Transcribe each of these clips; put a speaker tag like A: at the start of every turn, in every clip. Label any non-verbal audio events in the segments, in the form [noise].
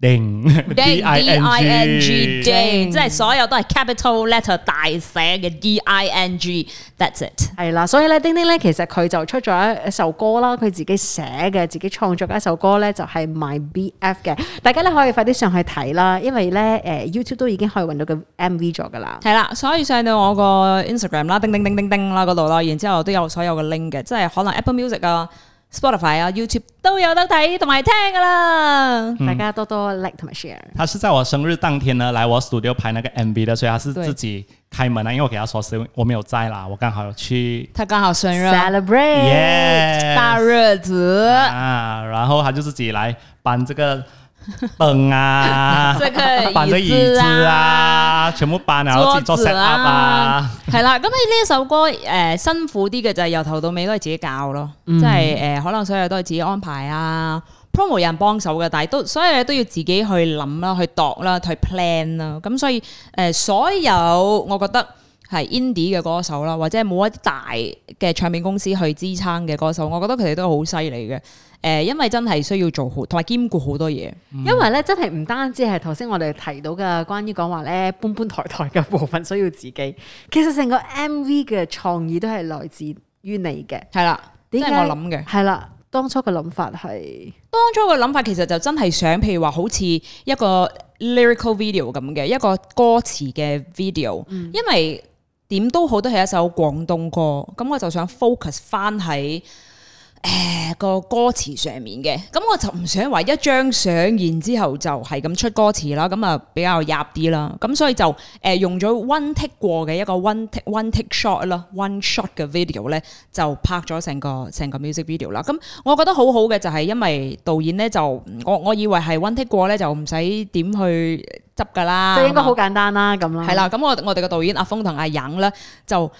A: ding ding ding，即
B: 係所有都係 capital letter 大寫嘅 ding，that's it，D-I-N-G
C: 係啦。所以咧，丁丁咧，其實佢就出咗一首歌啦，佢自己寫嘅，自己創作嘅一首歌咧，就係 my bf 嘅。大家咧可以快啲上去睇啦，因為咧，誒，YouTube 都已經可以搵到個 MV 咗噶啦。
B: 係啦，所以上到我個 Instagram 啦，叮叮叮叮叮啦嗰度啦，然之後都有所有嘅 link 嘅，即係可能 Apple Music 啊。Spotify 啊，YouTube 都有得睇同埋聽㗎啦，大家多多 like 同埋 share。
A: 他是在我生日當天呢，來我 studio 拍那個 MV 的，所以他是自己開門啊，因為我給他說，我我沒有在啦，我剛好有去。
B: 他剛好生日，celebrate，yes，大日子
A: 啊，然後他就自己來搬這個。凳、嗯、啊，扮 [laughs] 咗椅、啊、椅子啊，全部扮搬啊，桌子啊，
B: 係、啊、啦。咁你呢一首歌，誒、呃，辛苦啲嘅就係由頭到尾都係自己教咯，即係誒，可能所有都係自己安排啊。promo、嗯啊、有人幫手嘅，但係都所有嘢都要自己去諗啦、啊，去度啦、啊，去 plan 啦、啊。咁所以誒、呃，所有我覺得。係 indi e 嘅歌手啦，或者冇一啲大嘅唱片公司去支撐嘅歌手，我覺得佢哋都好犀利嘅。誒，因為真係需要做好同埋兼顧好多嘢、嗯。因為咧，真係唔單止係頭先我哋提
C: 到嘅關於講話咧搬搬抬抬嘅部分需要自己，其實成個 MV 嘅創意都係來自於你嘅。係啦，即解、就是、我諗嘅。係啦，當初嘅諗法係
B: 當初嘅諗法其實就真係想，譬如話好似一個 lyrical video 咁嘅一個歌詞嘅 video、嗯、因為。點都好都係一首廣東歌，咁我就想 focus 翻喺、呃嗰個歌詞上面嘅，咁我就唔想話一張相，然之後就係咁出歌詞啦，咁啊比較入啲啦，咁所以就、呃、用咗 one take 過嘅一個 one take one take shot 啦，one shot 嘅 video 咧就拍咗成個成個 music video 啦，咁我覺得好好嘅就係因為導演咧就我我以為係 one take 過咧就唔使點去。執噶啦，即應該好簡單啦，咁啦。係啦，咁我我哋個導演阿峰同阿忍咧，就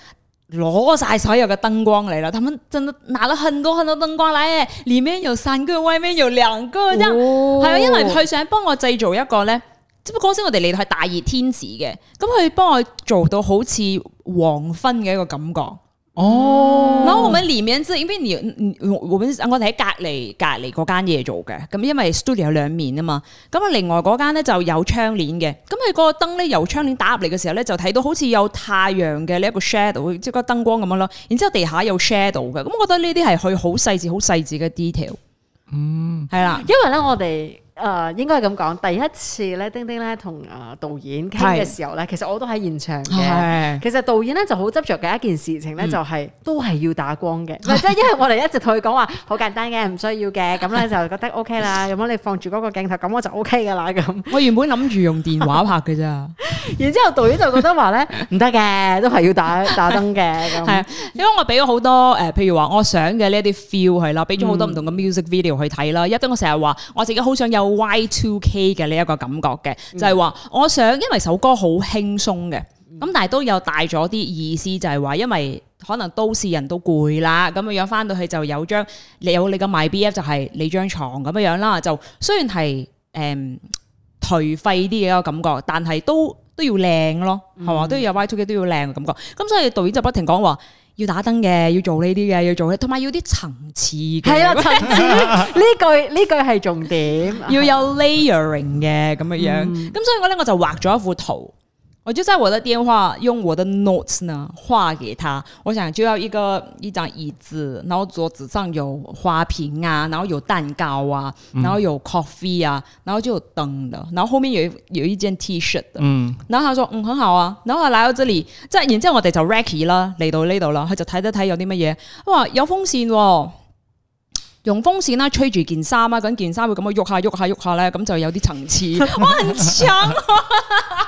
B: 攞晒所有嘅燈光嚟啦，他們真拿咗很多很多燈光嚟嘅，裏面有三個，外面有兩個，真係啊！因為佢想幫我製造一個咧，即係嗰時我哋嚟到係大熱天時嘅，咁佢幫我做到好似黃昏嘅一個感覺。哦，嗱，我們裏面即係因為我哋喺隔籬隔籬嗰間嘢做嘅，咁因為 studio 有兩面啊嘛，咁啊另外嗰間咧就有窗簾嘅，咁、那、佢個燈咧由窗簾打入嚟嘅時候咧就睇到好似有太陽嘅呢一個 shadow，即係個燈光咁樣咯，然之後地下有 shadow 嘅，咁我覺得呢啲係佢好細致、好細致嘅 detail，嗯，係啦，
C: 因為咧我哋。誒、呃、應該係咁講，第一次咧，丁丁咧同誒導演傾嘅時候咧，其實我都喺現場嘅。其實導演咧就好執着嘅一件事情咧、就係，就、嗯、係都係要打光嘅，即 [laughs] 係因為我哋一直同佢講話好簡單嘅，唔需要嘅，咁咧就覺得 O K 啦。咁 [laughs] 我你放住嗰個鏡頭，咁我就 O K 噶啦咁。
B: 我原本諗住用電話拍嘅咋， [laughs] 然之後導演就覺得話咧唔得嘅，都係要打打燈嘅。係， [laughs] 因為我俾咗好多誒，譬、呃、如話我想嘅呢啲 feel 係啦，俾咗好多唔同嘅 music video 去睇啦。一、嗯、陣我成日話我自己好想有。Y two K 嘅呢一個感覺嘅，就係話我想，因為首歌好輕鬆嘅，咁但係都有帶咗啲意思，就係話，因為可能都市人都攰啦，咁嘅樣翻到去就有張有你個 My BF 就係你張床咁嘅樣啦，就雖然係誒頹廢啲嘅一個感覺，但係都都要靚咯，係嘛，都要有 Y two K 都要靚嘅感覺，咁所以導演就不停講話。要打燈嘅，要做呢啲嘅，要做，同埋要啲層次嘅。係啊， [laughs] [laughs] 層次呢句呢句係重點，要有 layering 嘅咁嘅樣。咁、嗯、所以我咧我就畫咗一幅圖。我就在我的電話用我的 notes 呢畫給他，我想就要一個一張椅子，然後桌子上有花瓶啊，然後有蛋糕啊，嗯、然後有 coffee 啊，然後就有燈的，然後後面有一有一件 T-shirt 的。嗯，然後他說嗯很好啊，然後他來到這裡，即係然之後我哋就，就 ready 啦，嚟到呢度啦，佢就睇一睇有啲乜嘢。哇，有風扇、哦，用風扇啦吹住件衫啊，咁件衫會咁樣喐下喐下喐下咧，咁就有啲層次。我好強。很強啊 [laughs]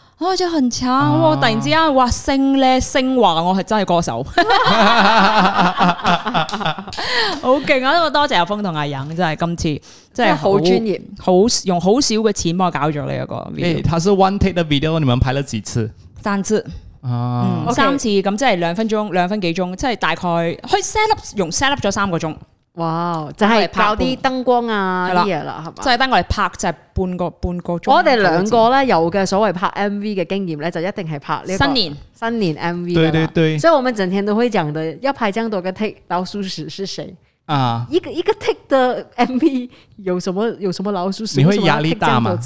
B: 我、哦、就很慘、啊，我突然之間哇聲咧聲話我係真係歌手，
A: [laughs] [laughs] [laughs]
B: [laughs] 好勁啊！因多謝阿峰同阿仁，真係今次真係好專業，好用好少嘅錢幫我搞咗呢一個。誒、欸，他
A: 是 one take 的 video，你們拍咗幾次？三次，哦、嗯 okay，三
B: 次咁即係兩分鐘，兩分幾鐘，即係大概去 set up 用 set up 咗三個鐘。哇、wow, 啊嗯！就係爆啲燈光啊啲嘢啦，係嘛？即係等我哋拍就係、是、半個半個鐘。我哋兩個咧有
C: 嘅所謂拍 M V 嘅經驗咧就一定係拍新年，年，新年 M V 啦。所以我們整天都會講的，要派咁到嘅。take 老鼠屎是誰啊？一個一個 take M V
B: 有什麼有什麼老鼠屎？你會壓力大嗎？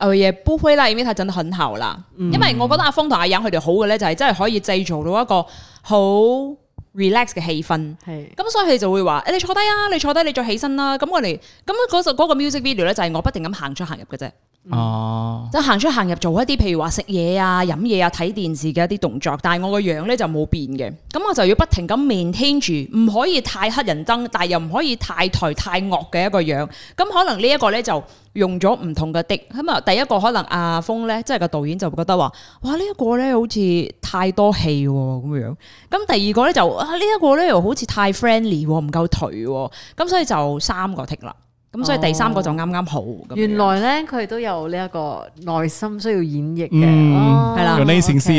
B: 哦，也不會啦，因為它真的很好啦。因為我覺得阿峰同阿楊佢哋好嘅咧，就係真係可以製造到一個好。relax 嘅氣氛，咁所以佢就會話，誒，你坐低啊，你坐低，你再起身啦。咁我哋，咁嗰首嗰個 music video 咧，就係我不停咁行出行入嘅啫。哦、嗯，即行出行入做一啲，譬如話食嘢啊、飲嘢啊、睇電視嘅一啲動作，但係我個樣咧就冇變嘅，咁我就要不停咁 maintain 住，唔可以太黑人憎，但係又唔可以太頹太惡嘅一個樣。咁可能呢一個咧就用咗唔同嘅的滴，咁啊第一個可能阿峰咧，即係個導演就覺得話，哇呢一個咧好似太多戲咁樣，咁第二個咧就啊呢一個咧又好似太 friendly 唔夠頹，咁所以就三個剔啦。
C: 咁所以第三個就
B: 啱啱好、哦。原
C: 來咧，佢都有呢一個內心
B: 需要演繹嘅，係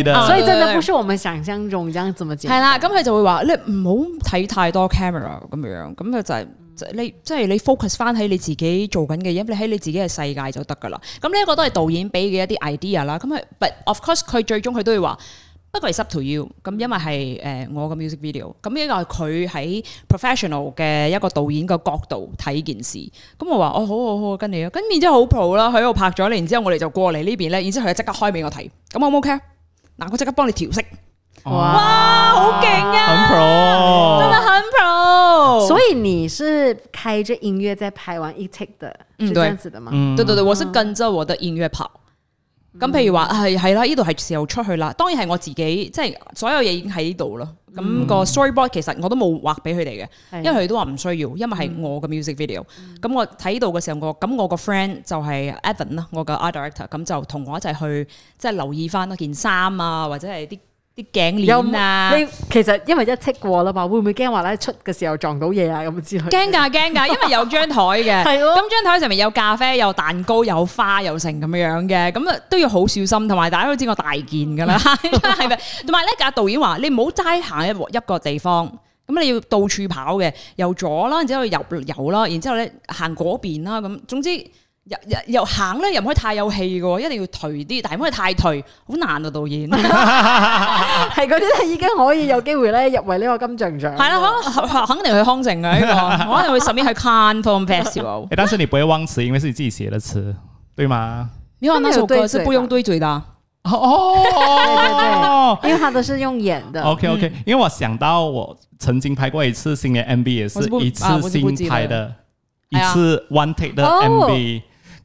A: 啦。啊、所以真
C: 係唔
B: 係我哋想像中咁樣解決嘅。係啦，咁佢就會話：你唔好睇太多 camera 咁樣，咁佢就係你，即係你 focus 翻喺你自己做緊嘅嘢，你喺你自己嘅世界就得噶啦。咁呢一個都係導演俾嘅一啲 idea 啦。咁佢，but of course 佢最終佢都要話。不過係 subject to you，咁因為係誒我個 music video，咁呢個係佢喺 professional 嘅一個導演嘅角度睇件事，咁我話哦，好好好跟你啊，跟然之後好 pro 啦，佢喺度拍咗你，然之後我哋就過嚟呢邊咧，然之後佢即刻開俾我睇，咁、嗯、O 唔 OK？嗱佢即刻幫你調色，哇，哇好勁啊，Pro！、哦、真的很 pro，、哦、所以你是開着音樂在拍完一 take 的，就咁樣子的嗎、嗯？對對對，我是跟着我的音樂拍。咁譬如話係喇，啦，呢度係時候出去啦。當然係我自己，即係所有嘢已經喺呢度咯。咁、嗯個 storyboard 其實我都冇畫俾佢哋嘅，因為佢都話唔需要，因為係我嘅 music video、嗯。咁我睇到嘅時候，我咁我個 friend 就係 Evan 啦，我嘅 art director，咁就同我一齊去即係、就是、留意翻嗰件衫啊，或者係啲。啲頸鏈啊，你
C: 其實因為一測過啦嘛，會唔會驚話咧出嘅時候撞到嘢啊咁之類？驚㗎，驚㗎，因為有
B: 張台嘅，咁、 [laughs] 哦、張台上面有咖啡、有蛋糕、有花、有成咁樣嘅，咁啊都要好小心，同埋大家都知我大件㗎啦，係 [laughs] 咪？ [laughs] 同埋咧，阿導演話你唔好齋行一一個地方，咁你要到處跑嘅，由左啦，然之後由右啦，然之後咧行嗰邊啦，咁總之。又又又行咧，又唔可以太有氣嘅，一定要頹啲，但係唔可以太頹，好難啊！導演係嗰啲已經可以有機會咧入圍呢個金像獎。係 [laughs] 啦、啊，可能肯定去康城。嘅、這、呢個， [laughs] [laughs] 我係去上面係看 form s t
A: 但是你不會忘詞，因為是你自己寫嘅詞，對嗎？
B: 你話那首歌是不用對嘴的。哦 [laughs] 因為他都是用演的。 [laughs] OK OK，
A: 因為我想到我曾經拍過一次新嘅 MV 也是一次是、啊、是新拍的一次、啊、one take 嘅 MV、oh。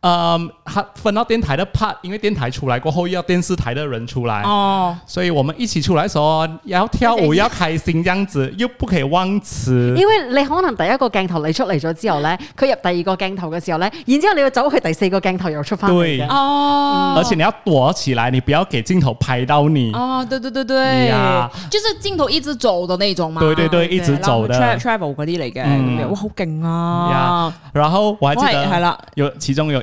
A: 嗯，佢分到電台的 part，因為電台出來過後要電視台的人出來，哦，所以我們一起出來的時候，說要跳舞要開心，這樣子又不可以忘詞，因為
C: 你可能第一個鏡頭你出嚟咗之後咧，佢入第二個鏡頭嘅時候咧，然之後你要走去第
B: 四個鏡頭又出翻嚟。對哦、嗯，而
A: 且你要躲起來，你不要給鏡頭拍到你，哦，
B: 對對對對，啊、yeah，就是鏡頭一直走的那種嘛，對對對，一直走的，tra travel 嗰啲嚟嘅，哇，好勁啊、yeah，
A: 然後我還記得係啦，有其中有。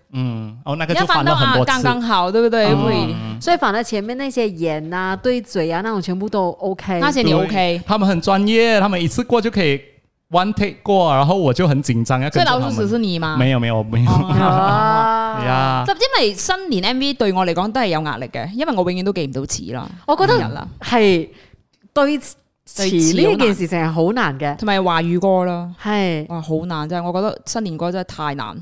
A: 嗯，哦，那個就翻到、啊、剛剛
C: 好，對不對？嗯、所以所以翻到前面那些眼啊、對嘴啊那種全部都 OK，那些你 OK，
A: 他們很專業，他們一次過就可以 one take 過，然後我就很緊張。所以老鼠屎是你嗎？沒有沒有沒
B: 有。呀、嗯，咁、啊 [laughs] 啊、因為新年 MV 對我嚟講都係有壓力嘅，因為我永遠都記唔到詞啦。我覺得係對詞呢件事情係好難嘅，同埋華語歌咯，係哇好難真係，我覺得新年歌真係太難。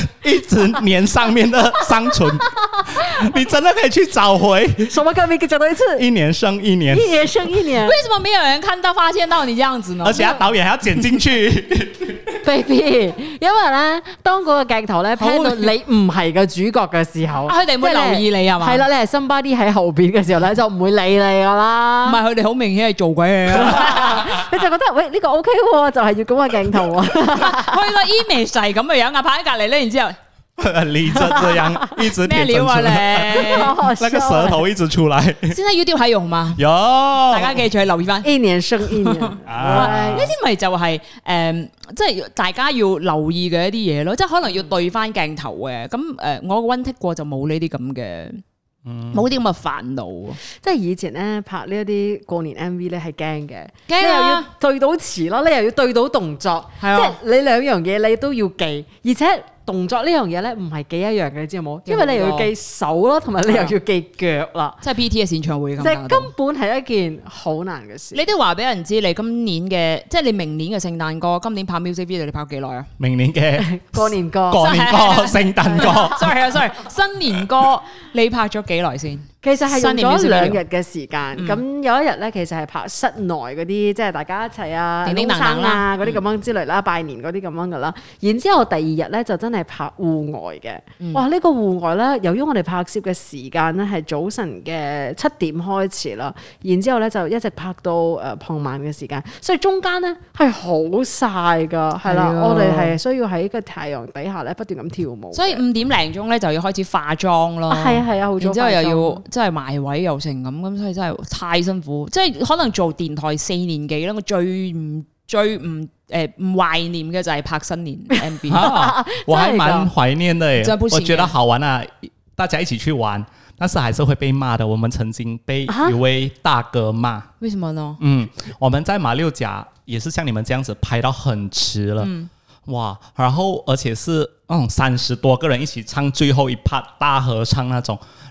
A: 一直黏上面的生存，你真的可以去找回。什麼鏡頭？講多一次，一年生一年，一年生一年。為什
B: 麼沒有人看到發現到你這樣子呢？而
A: 且阿導演還要剪進去
B: ，Baby，因為咧，
C: 當個鏡頭咧拍 [laughs] 到你唔係個主角嘅時候，佢哋會留意你係嘛？係啦，你係 somebody 喺後邊嘅時候咧，就唔會理你噶啦。唔係，佢哋
B: 好明顯係做鬼樣，
C: [laughs] [laughs] 你就覺得喂呢、這個 OK，的就係要咁嘅鏡頭
B: 啊，去個 image 咁嘅樣啊，拍喺隔籬咧，然之後。
A: 你 [laughs] 就這樣一直舔啊你？你那個舌頭一直出來好
B: 好、啊。現在 YouTube 有 Yo 大家記住再留意翻。一年生一
A: 年，呢啲
B: 咪就係、是、誒，即、呃、係、就是、大家要留意嘅一啲嘢咯。即、就、係、是、可能要對翻鏡頭嘅，咁誒、呃，我温剔過就冇呢啲咁嘅，冇啲咁嘅煩惱。嗯、
C: 即係以前咧拍呢一啲過年 MV 咧係驚嘅，即、啊、又要對到詞咯，你又要對到動作，啊、即係你兩樣嘢你都要記，而且。動作呢樣嘢咧唔係幾一樣嘅，你知道有冇？因為你又要記手咯，同埋你又要
B: 記腳啦，即係 BTS 嘅演唱會咁。即係根本係一件好難嘅事。你都話俾人知，你今年嘅即係你明年嘅聖誕歌，今年拍 music video 你拍幾耐啊？
A: 明年嘅 [laughs]
B: 過年歌， [laughs] 過年歌， [laughs] 聖誕歌 [laughs] ，sorry sorry， [laughs] 新年歌，你拍咗幾耐先？其實係用咗兩日
C: 嘅時間，咁、嗯、有一日咧，其實係拍室內嗰啲，即係大家一齊啊，點點生啊，嗰啲咁樣之類啦，拜年嗰啲咁樣噶啦。嗯、然之後第二日咧，就真係拍戶外嘅。嗯、哇！這個、戶呢個戶外咧，由於我哋拍攝嘅時間咧係早晨嘅七點開始啦，然之後咧就一直拍到誒傍、呃、晚嘅時間，所以中間咧係好晒噶，係、啊、啦，我哋係需要喺個太陽底下咧不斷咁跳舞。所以
B: 五點零鐘咧就要開始化妝咯，係啊係啊，好早，然之後又要。真係埋位又成咁，咁所以真係太辛苦。即係可能做電台四年幾啦，我最唔最唔誒唔懷念嘅就係拍新年 MV、 [laughs] [laughs] 啊。我還蠻懷
A: 念嘅，我覺得好玩啊！大家一起去玩，但是還是會被罵的。我們曾經被一位大哥罵、啊嗯，為什麼呢？嗯，我們在馬六甲也是像你們這樣子拍到很遲了，嗯哇，然後而且是嗯三十多個人一起唱最後一 part 大合唱那種。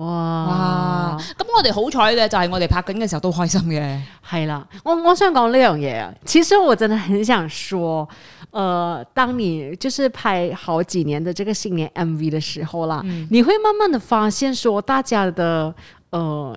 A: 哇！
B: 咁我哋好彩嘅就係我哋拍緊嘅時候都開心嘅。係啦，我我想講呢樣嘢啊，其
C: 實我真的很想說，呃，當你就是拍好幾年的這個新年 MV 的時候啦，嗯，你會慢慢的發現說，大家的呃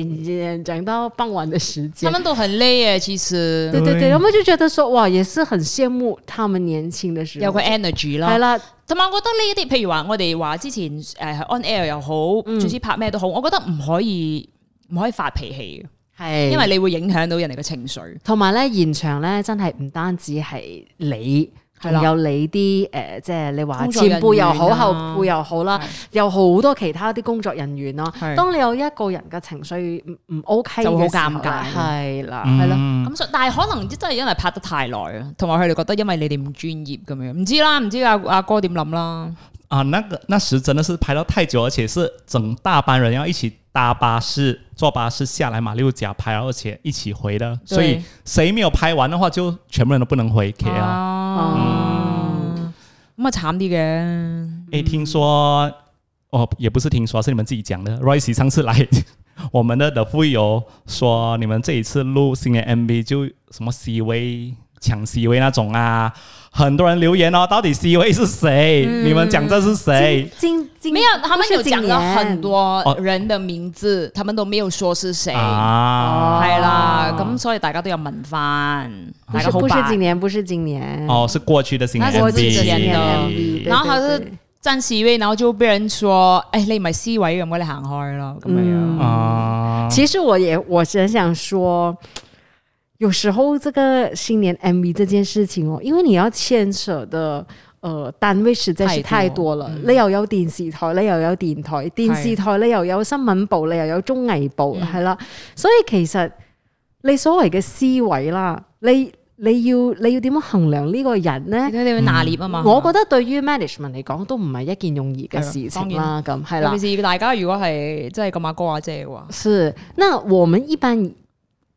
C: 講到傍晚嘅
B: 時間，他們都很累誒、啊。其實，對對對、哎，我
C: 就覺得說，哇，也是很羨慕他們年輕的時候，有個 energy 啦。係啦，
B: 同埋我覺得呢一啲，譬如話我哋話之前誒、呃、on air 又好、嗯，總之拍咩都好，我覺得唔可以唔可以發脾氣嘅，係，因為你會影響到人哋嘅情緒。
C: 同埋咧，現場咧真係唔單止係你。係啦，有你啲誒，即、呃、係、就是、你話前輩又好，後輩又好啦，有好多其他啲工作人員咯、啊。係、啊啊，當你有一個人嘅情緒唔 OK 嘅時候就好尷尬。係、嗯、啦，
B: 係咯，咁但係可能真係因為拍得太耐啊，同埋佢哋覺得因為你哋唔專業咁樣，唔知啦，唔知阿阿、啊、哥點諗啦。
A: 啊，那個那時真的是拍到太久，而且是整大班人要一起搭巴士坐巴士下來馬六甲拍，而且一起回啦。所以誰沒有拍完的話，就全部人都不能回 KL。
B: 哦、嗯，咁啊慘啲嘅。
A: 誒、欸，聽說，哦，也不是聽說，是你們自己講的。嗯、r o y c e 上次來我們那的會有說你們這一次錄新的 MV 就什麼 C V 搶 C V 那種啊。很多人留言哦、啊，到底 C 位是誰、嗯？你們講這是誰？今今，
B: 今沒有，他們有講了很多人的名字、哦，他們都沒有說是誰啊。
A: 是
B: 了、嗯，咁、哦、所以大家都要問翻，不是、啊、不是今年，不是今年哦，
A: 是過去的新年 MV，過去的新年前
B: 年，然後他是站 C 位，然後就被人說：“哎，你買 C 位有冇嚟行開咯、嗯？”啊，
C: 其實我也，我是很想說。有時候這個新年 M V 這件事情哦，因為你要牽涉的，誒單位實在是太多了。你又有電視台，你又有電台，電視台你又有新聞部，你又有綜藝部，係、嗯、啦。所以其實你所謂嘅思維啦，你你要你要點樣衡量呢個人呢？你哋要拿捏啊嘛、嗯。我覺得對於 management 嚟講都唔係一件容易嘅事情啦。咁係啦，特別是
B: 大家如果係即係咁阿哥阿姐嘅話，
C: 是。那我們一般。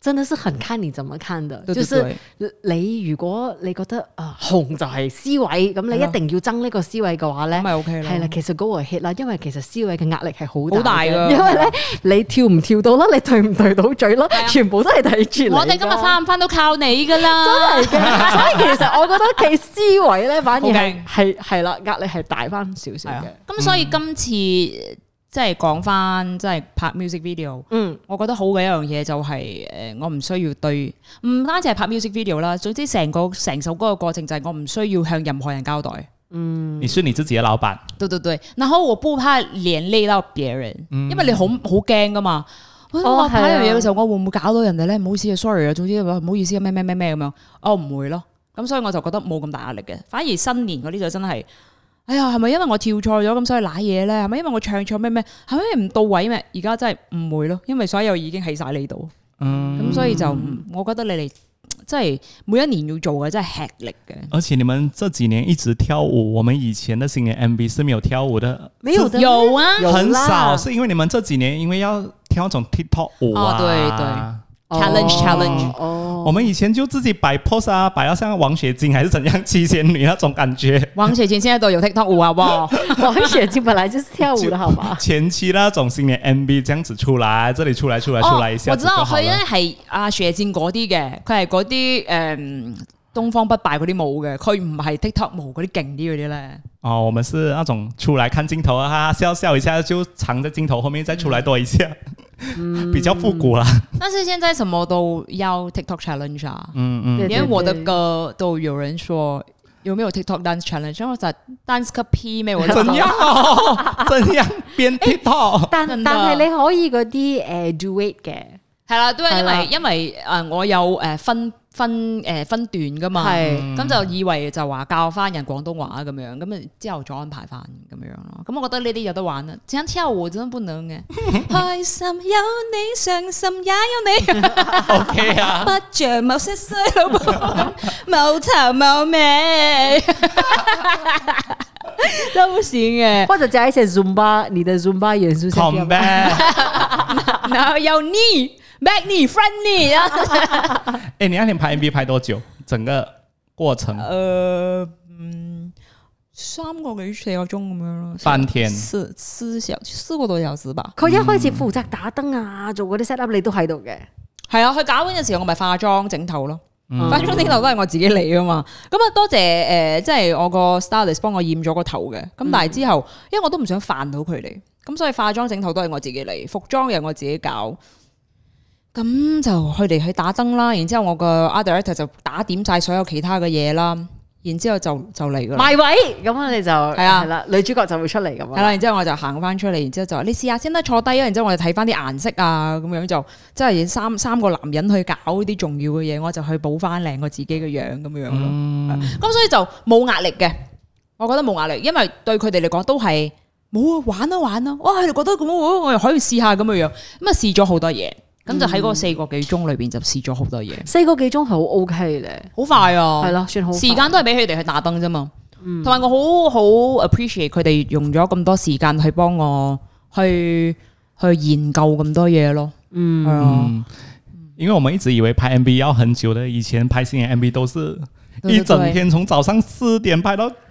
B: 真的是很看你怎麼看的，
C: 就是你如果你覺得啊紅就係 C 位咁，你一定要爭呢個 C 位嘅話咧，係啦，其實嗰個 heat 啦，因為其實 C 位嘅壓力係好大噶，因為咧你跳唔跳到啦，你對唔對到嘴啦，全部都係睇住我哋今日
B: 翻唔翻都靠你噶啦，真係嘅。所以其實我覺得其 C 位咧反而係係係啦，壓力係大翻少少嘅。咁所以今次。即係講翻，即係拍 music video。嗯，我覺得好嘅一樣嘢就係，誒，我唔需要對，唔單止係拍 music video 啦。總之成個成首歌嘅過程就係我唔需要向任何人交代。
A: 嗯，你係你自己嘅老闆。
B: 對對對，然後，我不怕連累到別人，嗯，因為你好好驚㗎嘛。我，哦啊，拍一樣嘢嘅時候，我會唔會搞到人哋咧？唔好意思，sorry 啊，總之唔好意思啊，咩咩咩咩咁樣。我唔會咯。咁所以我就覺得冇咁大壓力嘅。反而新年嗰啲就真係。哎呀，係咪因為我跳錯咗咁所以瀨嘢咧？係咪因為我唱錯咩咩？係咪唔到位咩？而家真係唔會咯，因為所有已經喺晒你度。嗯，
A: 咁所以
B: 就唔，我覺得你哋真係每一年要做嘅真係吃力嘅。
A: 而且你們這幾年一直跳舞，我們以前的新年 MV 是沒有跳舞的，沒
B: 有的。有啊，很少，是
A: 因為你們這幾年因為要跳種 TikTok 舞啊。對、哦、對。對 Challenge，Challenge！Oh, 哦 Challenge，oh, oh. 我們以前就自己擺 pose 啊，擺到像王雪晶還是怎樣七仙女那種感覺。
B: 王雪晶現在都有 TikTok 舞好不好？ [laughs] 王雪晶本來就是跳舞的好嗎？
A: [laughs] 前期那種新年 MV 這樣子出來，這裏出來，出來，出來一、oh, 下。我知道，因為是
B: 啊，雪晶嗰啲嘅，佢係嗰啲誒，東方不敗嗰啲舞嘅，佢唔係 TikTok 舞嗰啲勁啲嗰啲咧。
A: 哦，oh, 我們是那種出來看鏡頭啊，笑笑一下就藏在鏡頭後面，再出來多一下。 [laughs] 嗯、比較復古啦，
B: 但是現在什麼都要 TikTok challenge，、啊、嗯嗯
A: 對對對，連
B: 我的歌都有人說，有沒有 TikTok dance challenge？或者 dance copy 咩？沒我真樣怎樣編 [laughs] TikTok？、欸、但的但是你
C: 可以嗰啲誒 do it 嘅，
B: 係啦，都係因為因為誒、呃、我有誒、呃、分。分誒、呃、分段噶嘛，咁、嗯、就以為就話教翻人廣東話咁樣，咁啊之後再安排翻咁樣咯。咁我覺得呢啲有得玩啊。想跳舞真不能嘅。 [laughs] 開心有你，傷心也有你。 [laughs] OK 啊。不像某些衰老闆，貌醜貌美，
C: 都不行嘅、啊。或者加一些 Zumba，你的 Zumba 元素。咩？ [laughs] 然
B: 後又呢。m a c k 你 friend 你 [laughs] 啊、
A: 哎，誒，你那天拍 M V 拍多久？整個過程？誒、呃，嗯，
B: 三個幾四個鐘咁樣咯，半天四四小四個多小時吧。佢一開始負責打燈啊，嗯、做嗰啲 set up，你都喺度嘅。係啊，佢搞完嘅時候，我咪化妝整頭咯。化妝整頭都係我自己嚟噶嘛。咁、嗯、啊、嗯，多謝誒，即、呃、係、就是、我個 stardist 幫我染咗個頭嘅。咁、嗯嗯、但係之後，因為我都唔想煩到佢哋，咁所以化妝整頭都係我自己嚟，服裝又我自己搞。咁就佢哋去打燈啦，然之後我個 Art Director 就打點晒所有其他嘅嘢啦，然之後就就嚟噶啦。埋位咁我哋就係啊，係啦，
C: 女主角就會出嚟咁。係啦、啊，然
B: 之後我就行翻出嚟，然之後就話你試下先啦，坐低啊，然之後我哋就睇翻啲顏色啊，咁樣就即係三三個男人去搞啲重要嘅嘢，我就去補翻靚我自己嘅樣咁樣咯。咁、嗯啊、所以就冇壓力嘅，我覺得冇壓力，因為對佢哋嚟講都係冇玩咯、啊、玩咯、啊，哇、哎！佢哋覺得咁，我我又可以試下咁嘅樣，咁啊試咗好多嘢。咁、嗯、就喺嗰個四個幾鐘裏邊就試咗好多嘢，四個幾鐘係好 OK 嘅，好快啊，係咯，算好，時間都係俾佢哋去打燈啫嘛，同、嗯、埋我好好 appreciate 佢哋用咗咁多時間去幫我去去研究咁多嘢咯嗯，嗯，
A: 因為我們一直以為拍 MV 要很久的，以前拍新年 MV 都是一整天，從早上四點拍到。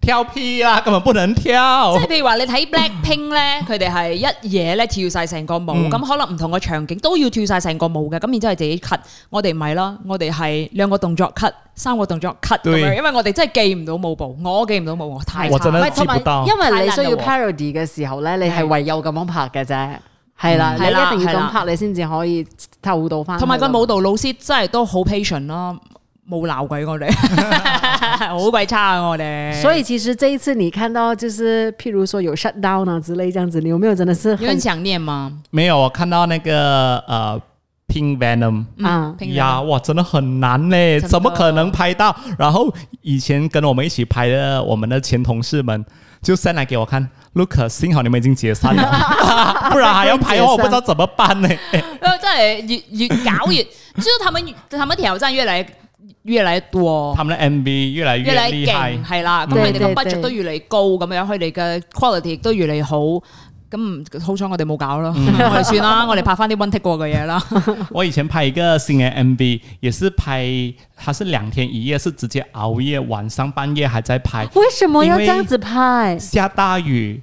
A: 跳 P 啦，根本不能跳。 [laughs]
B: 即係譬如話你睇 Black Pink 咧，佢哋係一嘢咧跳晒成個舞，咁、嗯、可能唔同嘅場景都要跳晒成個舞嘅，咁然之後係自己 cut 我。我哋咪咯，我哋係兩個動作 cut，三個動作 cut 咁樣對，因為我哋真係記唔到舞步，我記唔到舞步，我太差。我同埋，因為你需要 parody 嘅時候咧，你係唯有咁樣拍嘅啫。係、嗯、啦，你一定要咁拍，你先至可以透到翻。同埋個舞蹈老師真係都好 patient 咯、啊。冇鬧鬼我、啊、哋，
A: [laughs] [laughs]
B: 好鬼差我、啊、哋。所以其實這一次你看到就是譬
C: 如說有 shutdown 啊之類，這樣子你有沒有真的是很想念嗎？
A: 沒有，我看到那個呃 Pink Venom 啊，呀、嗯，嗯、
C: Pink yeah,
A: 哇，真的很難呢、欸，怎麼可能拍到？然後以前跟我們一起拍的我們的前同事們就 send 嚟給我看 [laughs] Look 幸好你們已經解散了， [laughs] [laughs] 不然還要拍我，我不知道怎麼辦咧、
B: 欸。真係越越搞越，就係他們他們挑戰越來。
A: 越嚟越多，他們的 MV 越嚟越勁，係啦，咁佢哋嘅 budget 都
B: 越嚟越高，咁樣佢哋嘅 quality 都越嚟越好，咁好彩我哋冇搞咯，我、嗯、哋算啦， [laughs] 我哋拍翻啲 one take 過
A: 嘅嘢啦。我以前拍一個新嘅 MV，也是拍，他是兩天一夜，是直接熬夜，晚上半夜還在拍，為什麼要這樣子拍？下大雨。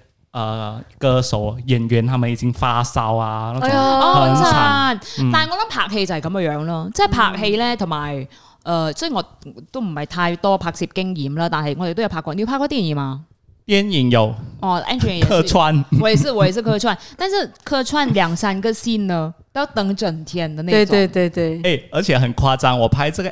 A: 誒、呃，歌手、演員，他們已經發燒啊！哎呀，慘、哦嗯！但係我
B: 諗拍戲就係咁嘅樣咯，即、就、係、是、拍戲咧，同埋誒，雖然、呃、我都唔係太多拍攝經驗啦，但係我哋都有拍過。你拍過電影嘛？
A: 電影有
B: 哦，安全員客串，我也是我也是客串， [laughs] 但是客串兩三個 scene 呢，要等整天的那種對對對
A: 對，誒、欸，而且很誇張，我拍這個。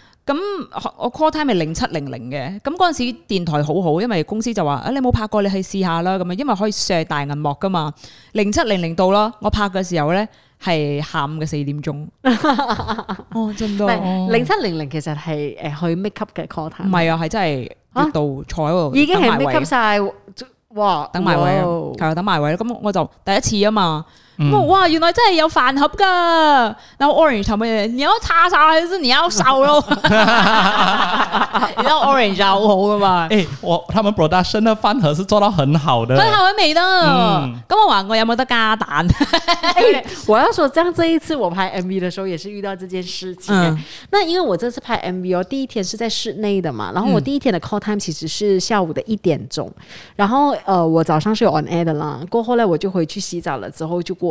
B: 咁我 call time 係零七零零嘅，咁嗰陣時電台好好，因為公司就話，啊你冇拍過，你去試下啦咁啊，因為可以射大銀幕噶嘛。零七零零到啦，我拍嘅時候咧係下午嘅四點鐘。
A: 哦，真多。零
B: 七零零其實係誒去 make up 嘅 call time？唔係啊，係真係到彩喎，已經係 make up 晒？哇，等埋位，係啊，等埋位啦。咁我就第一次啊嘛。嗯、哇，原來真係有飯盒的，然後 orange 他們，你要叉叉還是你要燒肉？嗯、 [laughs] [laughs] 你要 orange 又好好噶嘛。誒、
A: 欸，我他們 production 的飯盒是做到很好的，很好很美的
B: 咁、嗯、我玩過有冇得加蛋？我要說這樣，像這一
C: 次我拍 MV 的時候，也是遇到這件事情、嗯。那因為我這次拍 MV 哦，第一天是在室內的嘛，然後我第一天的 call time 其實是下午的一點鐘，然後，呃，我早上是有 on air 的啦，過後呢我就回去洗澡了，之後就過。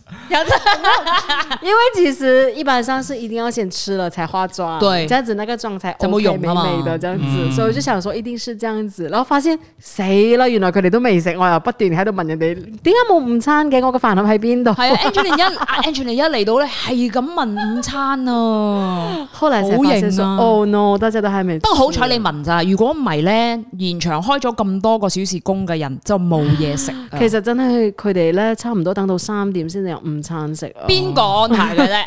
C: [laughs] 因為其實一般上是一定要先吃了才化妝，對，這樣子那個妝才冇、OK，美美的，這樣子，嗯，所以就想說一定是這樣子，然後發現死啦，原來佢哋都未食，我又不斷喺度問人哋點解冇午餐嘅，我個飯盒喺邊度？係
B: 啊 [laughs] Angeline 一 [laughs] Angeline 一嚟到咧，係咁問午餐啊， [laughs] 後來好型啊 oh, no。多謝多謝，不過好彩你問咋，如果唔係咧，現場開咗咁多個小時工嘅人就冇嘢食。其
C: 實真係佢哋咧，差唔多等到三點先至有午。餐食邊個安排嘅咧？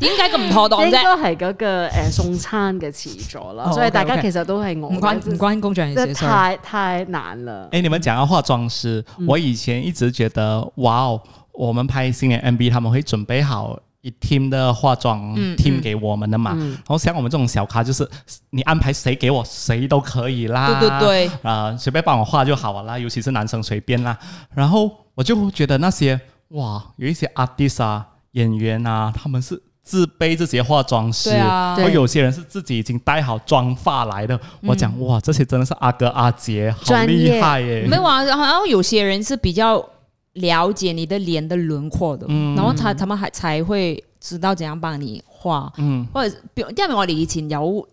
C: 點解咁妥當啫？應該係嗰個誒、呃、送餐嘅遲咗啦、哦，所以大家其實都係我唔、哦 okay, okay 就是、關唔關工作人員事。太太難了。
A: 誒、欸，你們講下化妝師、嗯，我以前一直覺得，哇哦，我們拍新年 MV 他們會準備好一 team 的化妝 team、嗯嗯、給我們的嘛、嗯。然後像我們這種小咖，就是你安排誰給我，誰都可以啦。對對啊，隨、呃、便幫我畫就好啦。尤其是男生，隨便啦。然後我就覺得那些。哇，有一些 artist 啊，演員啊，他們是自備這些化妝師，而、啊、有些人是自己已經帶好妝髮來的。嗯、我講哇，這些真的是阿哥阿姐，好厲害誒！沒有，
B: 然後然後有些人是比較了解你的臉的輪廓的，嗯，然後他他們還才會知道怎樣幫你化。嗯，或者第二，因為我哋以前有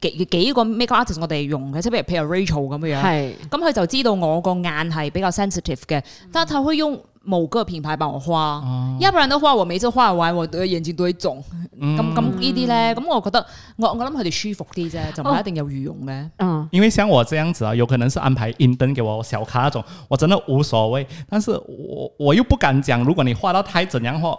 B: 幾幾幾個 makeup artist 我哋用嘅，即係譬如譬如 Rachel 咁樣，係咁佢就知道我個眼係比較 sensitive 嘅、嗯，但係佢會用。某個品牌幫我畫，嗯、要不然的話我每次畫完我對眼睛都會腫。咁、嗯、咁呢啲咧，咁、嗯、我覺得我我諗佢哋舒服啲啫，就唔一定有用咧、
A: 哦。嗯，因為像我這樣子啊，有可能是安排印燈給我小卡那種，我真的無所謂。但是我我又不敢講，如果你畫到太怎樣或。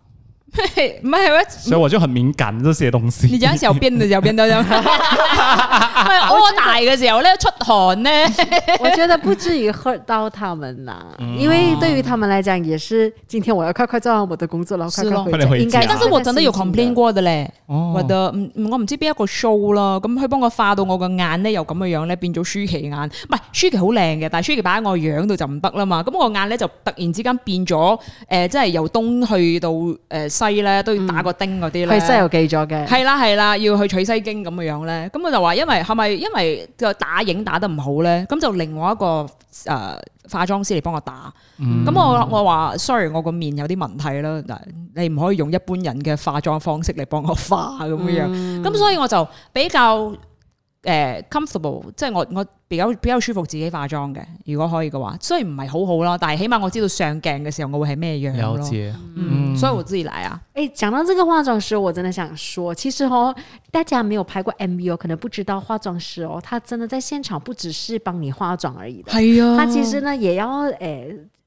B: 唔 [laughs] 係，所以
A: 我就很敏感這些東西。你講
B: 小變嘅時候變到咁 [laughs] [laughs] 覺得， [laughs] 我大嘅時候咧出汗咧， [laughs] 我覺得不至於
C: hurt 到他們啦。嗯、因為對於他們嚟講，也是今天我要快快做完我的工作啦，快快、啊、應該。但是我真的有 complain
B: 過嘅咧，哦、我唔我唔知邊一個 show 咯，咁佢幫我化到我嘅眼咧，又咁嘅樣咧，變咗舒淇眼。唔係舒淇好靚嘅，但係舒淇擺喺我個樣度就唔得啦嘛。咁我眼咧就突然之間變咗，誒、呃，即係由東去到誒。呃西咧都要打個丁嗰啲咧，係、嗯《西遊
C: 記》咗嘅，係
B: 啦係啦，要去取西經咁嘅樣咧。咁我就話，因為係咪因為個打影打得唔好咧？咁就另外一個誒化妝師嚟幫我打。咁、嗯、我我話，sorry，我個面有啲問題啦，你唔可以用一般人嘅化妝方式嚟幫我化咁嘅樣。咁、嗯、所以我就比較誒、uh，comfortable，即係我我比較比較舒服自己化妝嘅，如果可以嘅話，雖然唔係好好咯，但係起碼我知道上鏡嘅時候我會係咩樣有遮、嗯，嗯，所以我自己嚟啊。誒、欸，講到這個化妝師，我真的想說，其實哦，大家沒有拍過 MV
C: 哦，可能不知道化妝師哦，他真的在現場不只是幫你化妝而已的，係啊，他其實呢也要誒。欸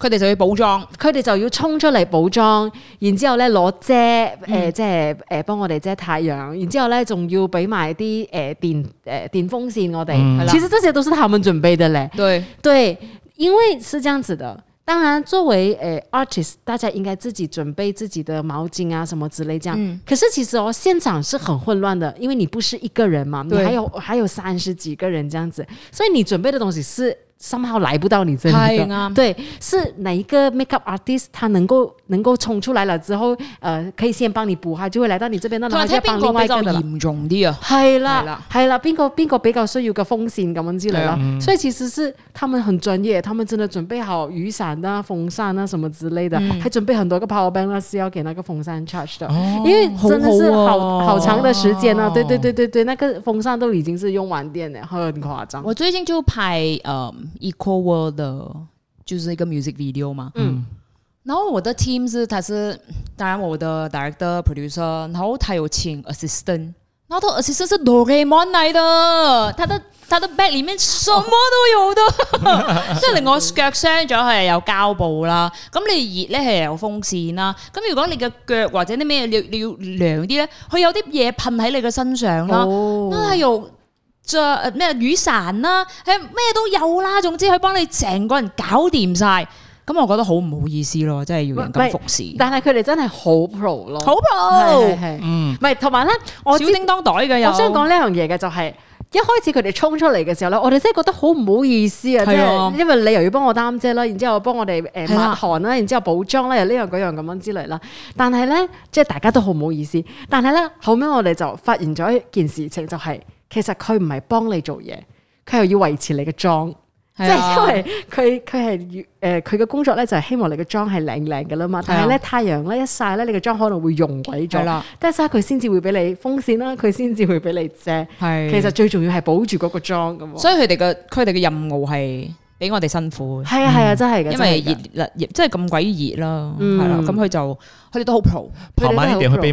C: 佢哋就要補妝，佢哋就要衝出嚟補妝，然之後咧攞遮，誒即係誒幫我哋遮太陽，然之後咧仲要俾埋啲誒電誒電風扇我哋、嗯。其實這些都是他們準備的咧。對，對，因為是這樣子的。當然，作為誒、呃、artist，大家應該自己準備自己的毛巾啊，什麼之類這。嗯。咁樣，可是其實哦，現場是很混亂的，因為你不是一個人嘛，你還有還有三十幾個人，這樣子，所以你準備的東西是。somehow 來不到你這邊、啊，對，是哪一個 makeup artist 他能夠能夠衝出來了之後，呃，可以先幫你補，他就會來到你這邊。那而邊個、啊、比較嚴重啲啊？係啦，係啦，係啦，邊個邊個比較需要嘅風扇咁樣之類咯。所以其實是他們很專業，他們真的準備好雨傘啊、風扇啊什麼之類的、嗯，還準備很多個 power bank 啦，是要給那個風扇 charge 的。哦、因為真的是好紅紅、啊、好長的時間啊！哦、對，對對對對對，那個風扇都已經是用完電嘞，很
B: 誇張。我最近就拍，嗯、呃。Equal World 就是一個 music video 嘛，嗯，然後我的 team 是，他是，當然我的 director producer，然後他有請 assistant，然後 assistant 是多 o m o n 來的，他的他的 b c k 裏面什麼都有的，即、哦、係、就是、我腳傷咗，係有膠布啦，咁你熱咧係有風扇啦，咁如果你嘅腳或者啲咩，一點他有些在你你要涼啲咧，佢有啲嘢噴喺你嘅身上啦，啊着咩雨傘啦，係咩都有啦，總之佢幫你成個人搞掂晒，咁我覺得好唔好意思咯，真係要人咁服侍。但係佢哋真係好 pro 咯，好 pro 係。嗯，唔係同
C: 埋咧，我知小叮當袋嘅，我想講呢樣嘢嘅就係、是，一開始佢哋衝出嚟嘅時候咧，我哋真係覺得好唔好意思啊，即係因為你又要幫我擔遮啦，然之後幫我哋誒抹汗啦，然之後補妝啦，又呢樣嗰樣咁樣之類啦，但係咧即係大家都好唔好意思，但係咧後尾我哋就發現咗一件事情、就是，就係。其實佢唔係幫你做嘢，佢又要維持你嘅妝，即係、啊，就是、因為佢佢係誒佢嘅工作咧就係希望你嘅妝係靚靚嘅啦嘛，但係咧太陽咧一晒咧你嘅妝可能會溶鬼咗，得晒佢先至會俾你風扇啦，佢先至會俾你遮。係、啊，其實最重要係保住嗰個妝咁。所以佢哋嘅
B: 佢哋嘅任務係比我哋辛苦的。係啊係啊，真係嘅，因為熱即係咁鬼熱咯，係啦，咁佢、嗯啊、就佢哋都好 pro pro 慢一點會被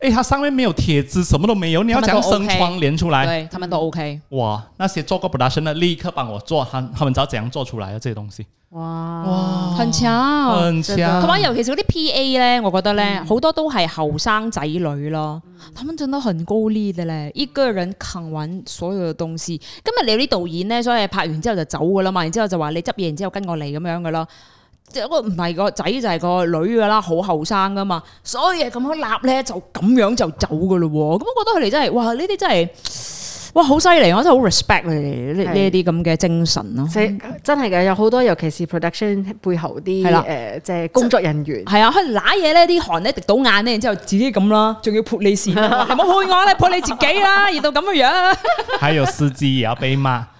A: 誒、欸，佢上面冇貼紙，什麼都沒有，你要將個生窗連出來。OK，對，他們都 OK。哇，那些做過 production 的，立刻幫我做，他他們知道怎樣做出來的這些東西。哇哇，很
B: 強，很強。同埋尤其是嗰啲 PA 咧，我覺得咧，好、嗯、多都係後生仔女咯，他們真的很高力的咧，一個人扛完所有的東西。今日你有啲導演咧，所以拍完之後就走噶啦嘛，然之後就話你執嘢，然之後跟我嚟咁樣噶啦。即個唔係個仔就係、是、個女噶啦，好後生噶嘛，所以咁樣立咧就咁樣就走噶咯。咁我覺得佢哋真係，哇呢啲真係，哇好犀利，我真係好 respect 佢哋呢呢啲咁嘅精神咯、啊。真真係嘅，有好多尤其是 production 背後啲係啦，誒
C: 即係工作人員係
B: 啊，佢揦嘢咧，啲汗咧滴到眼咧，然之後自己咁啦，仲要潑你屎，唔好潑我啦，潑你自己啦，熱到咁嘅樣。
A: 還有司機也要被罵。 [laughs]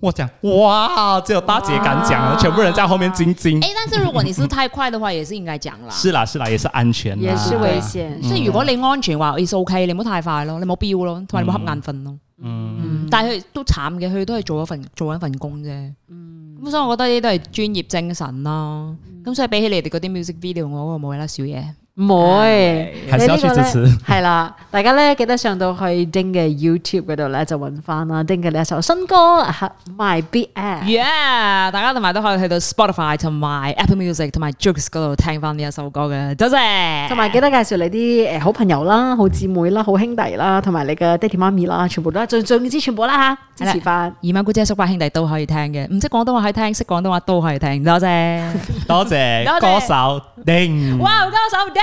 A: 我講，哇！只有大姐敢講，全部人在後面驚驚。誒、欸，但是如果你是
B: 太快的話， [laughs] 也是應該講啦。是
A: 啦，是啦，也是安全，也是危險。即、啊、係如果你
B: 安全話，意、嗯、s OK，你唔好太快咯，你冇必要咯，同埋你冇瞌眼瞓咯。嗯。嗯嗯但係佢都慘嘅，佢都係做一份做一份工啫。嗯。咁所以我覺得呢啲都係專業精神咯。咁、嗯、所以比起你哋嗰啲 music video，我冇啦少嘢。小爺唔會，你呢個咧係
C: 啦，大家咧記得上到去丁嘅 YouTube 嗰度咧就揾翻啦，丁嘅呢一首新歌 My
B: Beat，Yeah，大家同埋都可以去到 Spotify 同埋 Apple Music 同埋 Joox 嗰度聽翻呢一首歌嘅，多謝，同埋記
C: 得介紹你啲誒
B: 好朋友啦、好姊妹啦、好兄弟啦，同埋你嘅爹哋媽咪啦，全部都盡盡之全部啦嚇，支持翻姨媽姑姐叔伯兄弟都可以聽嘅，唔識廣東話可以聽，識廣東話都可以聽，多謝，多謝，歌手丁，哇，歌手丁。